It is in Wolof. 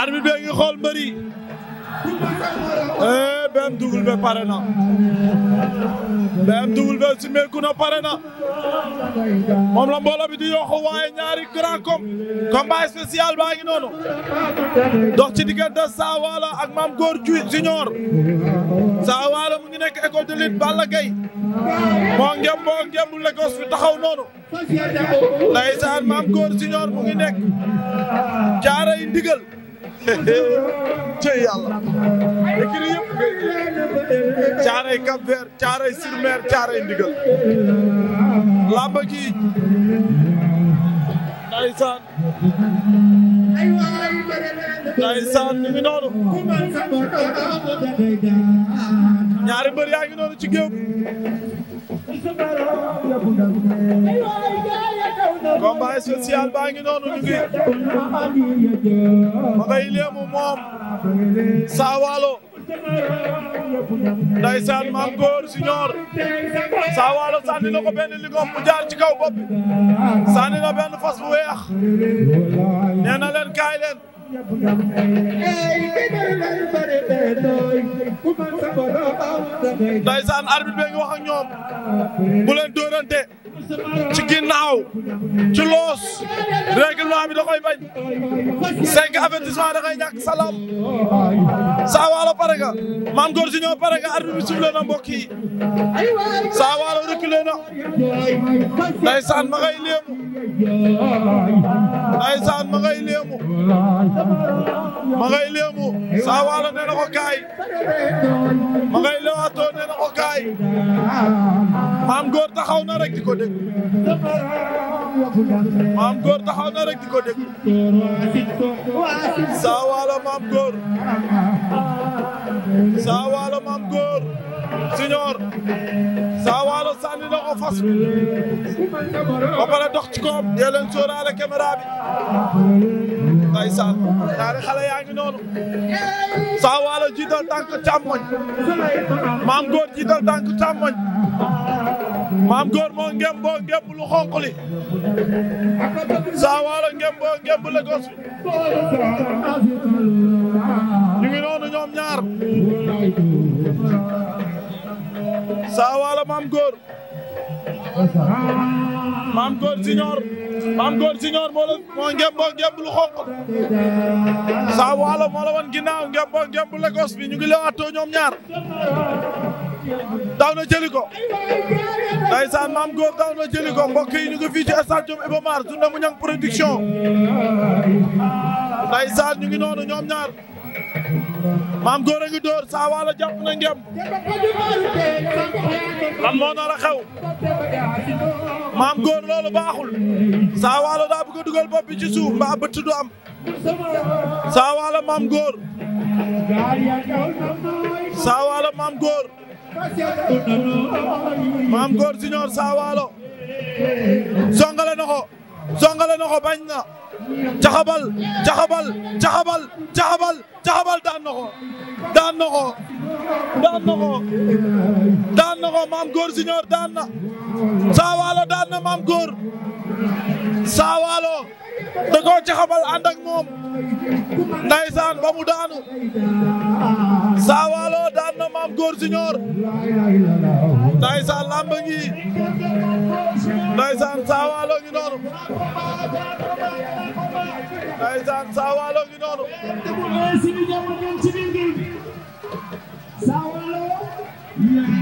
arbitre bi ngi xool mbëri eh. BMW pare na BMW simeeku na pare na moom la bi di yokku waaye ñaari grand com combat spécial baa ngi noonu dox ci diggante Sawala ak Mame Gor Junior Sawala mu ngi nekk école de Balla Gaye moo ngem moo ngem fi taxaw noonu ndeysaan Mame Gor Junior mu ngi nekk jaara yi ndigal cey yàlla écrit yëpp caaray Cap Vert caaray sur mer caaray ndigal làmb ji ndaysaan ndaysaan ñu ngi ñaari mbër yaa ngi noonu ci géew combat spécial baa ngi noonu ñu ngi ma ngay léemu moom Sawalo ndaysaan maam góor junior Sawalo sànni na ko benn lingom mu jaar ci kaw bopp sànni na benn fas bu weex nee na leen kaay leen ndaysaan arbitre bi ngi wax ñoom bu leen dóorante ci ginnaaw ci loos règlement bi da koy bañ cinq avertissement da koy ñàkk salaam Sa Walo pare nga Mame Gor Junior pare nga arbitre bi sifflé na mbokk yi Sa Walo reculé na ndeysaan ma ngay léemu ndeysaan ma ngay léemu ma ngay léemu Sa Walo nee na ko kaay ma ngay lewaatoo nee na ko kaay maam góor taxaw na rek di ko dégg maam góor taxaw na rek di ko dégg saa waalo maam góor saa waalo maam góor siñoor ko fas ba pare dox ci koom dee leen sóoraale caméra bi ndeysaan ñaari xale yaa ngi noonu saa waalo jiital tànk càmmoñ maam góor jiital tànk càmmoñ maam góor moo ngem ngemb lu xonq li saa waalo ngem ngemb la gos noonu ñoom ñaar saa waalo maam góor maam góor siñoor maam góor siñoor moo la moo ngembo ngemb lu xonq saa waalo moo la woon ginnaaw ngembo ngemb Lagos bi ñu ngi leen ñoom ñaar daw na jëli ko ndeysaan maam góor daw na jëli ko mbokk yi ñu ngi fii ci stade Iba Mar journée Mouniang production ndeysaan ñu ngi noonu ñoom ñaar maam góor a ngi dóor saa waala jàpp na ngem lan maam góor loolu baaxul saa waala daa bëgg dugal bopp bi ci suuf mbaa bëtt du am saa maam góor saa maam góor maam góor siñoor saa songale na songale na bañ na jaxabal jaxabal jaxabal jaxabal jaxabal daan na ko daan na ko daan na ko daan na ko maam góor siñoor daan na saawaalo daan na maam góor saawaalo daan na maam góor siñoor ndaysaan lamba ngi ndaysaan saawaalo ngi noonu ndeysaan saa waalo ngi noonu sini jamono ci biir bi saa waalo